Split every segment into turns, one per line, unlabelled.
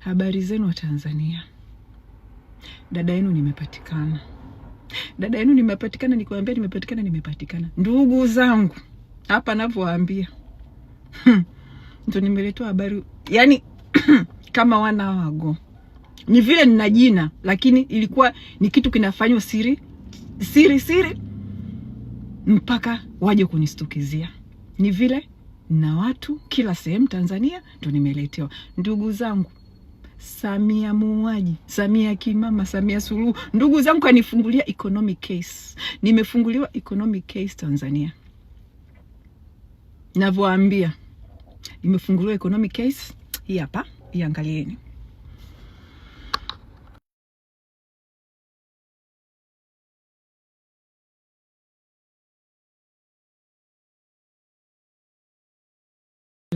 Habari zenu wa Tanzania, dada yenu nimepatikana, dada yenu nimepatikana, nikiwaambia nimepatikana, nimepatikana. Ndugu zangu hapa navyowaambia ndo hmm. nimeletwa habari yani kama wana wago ni vile nina jina lakini ilikuwa ni kitu kinafanywa siri siri siri mpaka waje kunistukizia. Ni vile na watu kila sehemu Tanzania ndo nimeletewa ndugu zangu. Samia muuaji, Samia kimama, Samia Suluhu. Ndugu zangu, kanifungulia economic case, nimefunguliwa economic case Tanzania navyoambia, nimefunguliwa economic case hii hapa, iangalieni.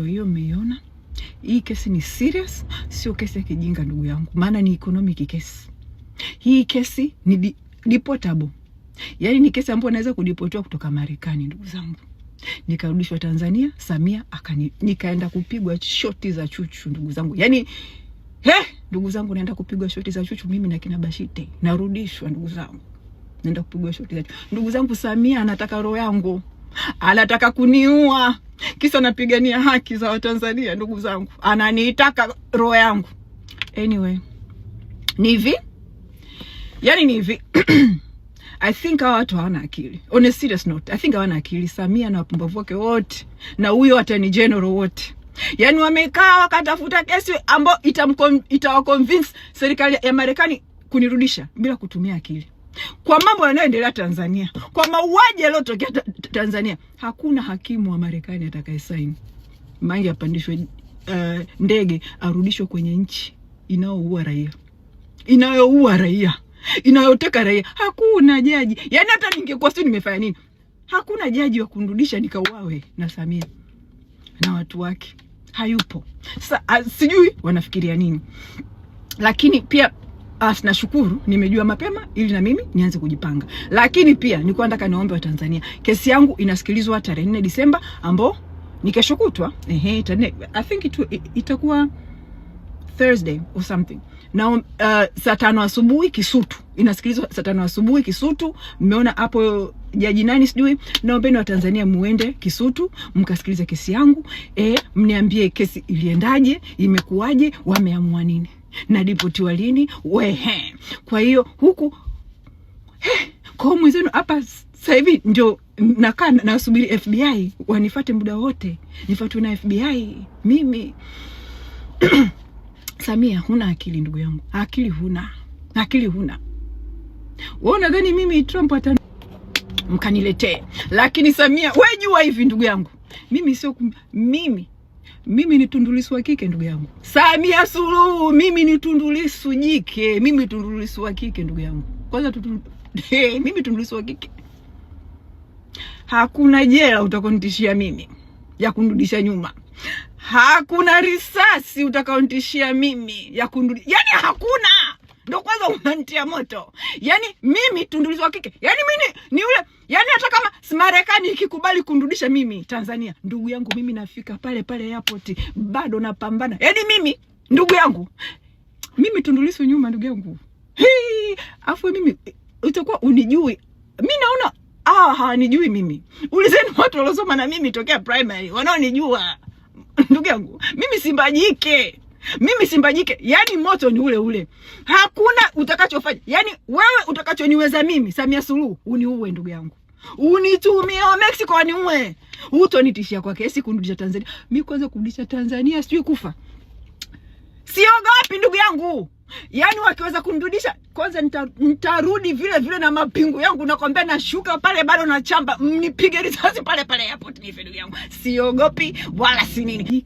hiyo mmeiona. Hii kesi ni serious, sio kesi ya kijinga ndugu yangu, maana ni economic case. Hii kesi ni di, deportable, yaani ni kesi ambayo naweza kudipotiwa kutoka Marekani ndugu zangu, nikarudishwa Tanzania, Samia akani, nikaenda kupigwa shoti za chuchu ndugu zangu, yaani he ndugu zangu, naenda kupigwa shoti za chuchu mimi na kina Bashite, narudishwa ndugu zangu, naenda kupigwa shoti za chuchu ndugu zangu. Samia anataka roho yangu anataka kuniua kisa napigania haki za Watanzania. Ndugu zangu, ananiitaka roho yangu. Anyway, ni hivi yani, ni hivi I think hawa watu hawana akili. On a serious note, I think hawana akili Samia na wapumbavu wake wote na huyo atani general wote yaani wamekaa wakatafuta kesi ambayo itawaconvince serikali ya Marekani kunirudisha bila kutumia akili kwa mambo yanayoendelea Tanzania, kwa mauaji yaliyotokea Tanzania, hakuna hakimu wa Marekani atakayesaini mangi apandishwe uh, ndege arudishwe kwenye nchi inayoua raia, inayoua raia, inayoteka raia. Hakuna jaji, yaani hata ningekuwa si nimefanya nini, hakuna jaji wa kunirudisha nikauawe na Samia na watu wake, hayupo. Ah, sijui wanafikiria nini, lakini pia afu ah, nashukuru nimejua mapema ili na mimi nianze kujipanga. Lakini pia nilikuwa nataka niombe Watanzania, kesi yangu inasikilizwa tarehe 4 Disemba ambao ni kesho kutwa. Ehe, I think it, itakuwa Thursday or something na uh, saa tano asubuhi Kisutu inasikilizwa saa tano asubuhi Kisutu. Mmeona hapo jaji nani sijui. Naombeni wa Tanzania muende Kisutu mkasikilize kesi yangu Eh, mniambie kesi iliendaje, imekuwaje, wameamua nini nalipotiwa lini? Wehe, kwa hiyo huku he, eh, kwa mwenzenu hapa sasa hivi ndio nakaa nasubiri FBI wanifate muda wote, nifatwe na FBI mimi Samia, huna akili ndugu yangu, akili huna, akili huna. Wewe unadhani mimi Trump ata mkaniletee, lakini Samia, wewe jua hivi ndugu yangu, mimi sio mimi mimi ni Tundulisu wa kike ndugu yangu. Samia Suluhu, mimi ni Tundulisu jike, mimi Tundulisu wa kike ndugu yangu. Kwanza tutu, eh, mimi Tundulisu wa kike. Hakuna jela utakonitishia mimi ya kundudisha nyuma. Hakuna risasi utakaonitishia mimi ya kunirudisha. Yaani hakuna ndo kwanza unantia moto. Yani mimi tundulizwa kike, yani mimi ni ule, yani hata kama Marekani ikikubali kundudisha mimi Tanzania, ndugu yangu, mimi nafika pale pale airport, bado napambana. Yani mimi ndugu yangu, mimi Tundulizo nyuma, ndugu yangu, afu mimi utakuwa unijui, mi naona ah, hawanijui mimi. Ulizeni watu waliosoma na mimi tokea primary, wanaonijua ndugu yangu, mimi simbajike mimi Simba jike, yani moto ni ule ule, hakuna utakachofanya. Yani wewe utakachoniweza mimi Samia Suluhu, uniue ndugu yangu, unitumie wa Mexico aniue, utonitishia kwa kesi kunirudisha Tanzania. Mi kwanza kurudisha Tanzania sijui kufa, siogopi ndugu yangu. Yani wakiweza kunirudisha kwanza, nitarudi nita vile vile na mapingu yangu, nakwambia, nashuka pale bado na chamba, mnipige risasi pale pale airport nife, ndugu yangu, siogopi wala si nini.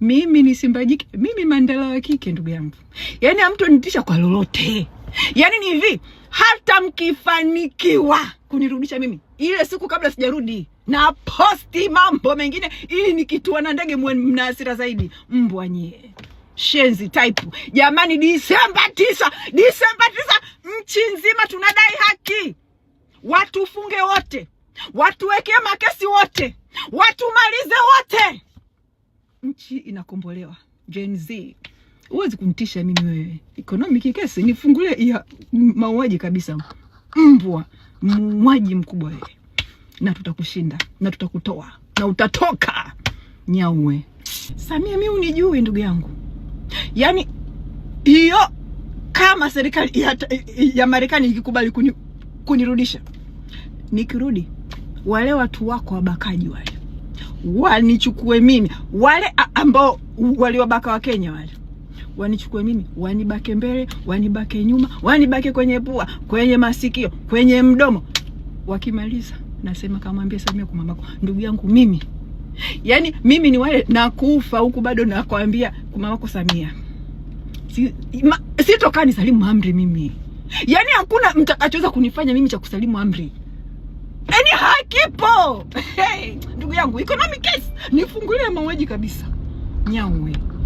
Mimi ni simba jike, mimi Mandela wa kike, ndugu yangu. Yaani hamtonitisha kwa lolote. Yaani ni hivi, hata mkifanikiwa kunirudisha mimi ile siku, kabla sijarudi na posti mambo mengine, ili nikitua na ndege mna hasira zaidi. Mbwa nyie shenzi type. Jamani, Disemba tisa, Disemba tisa, nchi nzima tunadai haki. Watufunge wote, watuwekee makesi wote, watumalize wote nchi inakombolewa. Gen Z huwezi kumtisha mimi wewe, economic kesi nifungulie ya mauaji kabisa, mbwa muuaji mkubwa wewe, na tutakushinda na tutakutoa na utatoka nyaue. Samia, mimi unijui ndugu yangu, yaani hiyo kama serikali ya, ya Marekani ikikubali kunirudisha kuni nikirudi, wale watu wako wabakaji wale wanichukue mimi, wale ambao waliwabaka wa Kenya wale wanichukue mimi, wanibake mbele, wanibake nyuma, wanibake kwenye pua, kwenye masikio, kwenye mdomo. Wakimaliza nasema kamwambie Samia kumamako, ndugu yangu mimi, yani mimi ni wale nakufa huku bado nakwambia kumamako Samia, si ma, sitokaa ni salimu amri mimi, yani hakuna mtakachoweza kunifanya mimi cha kusalimu amri yaani kipo. Hey, ndugu yangu, economic case nifungulie mauaji kabisa, Nyang'we.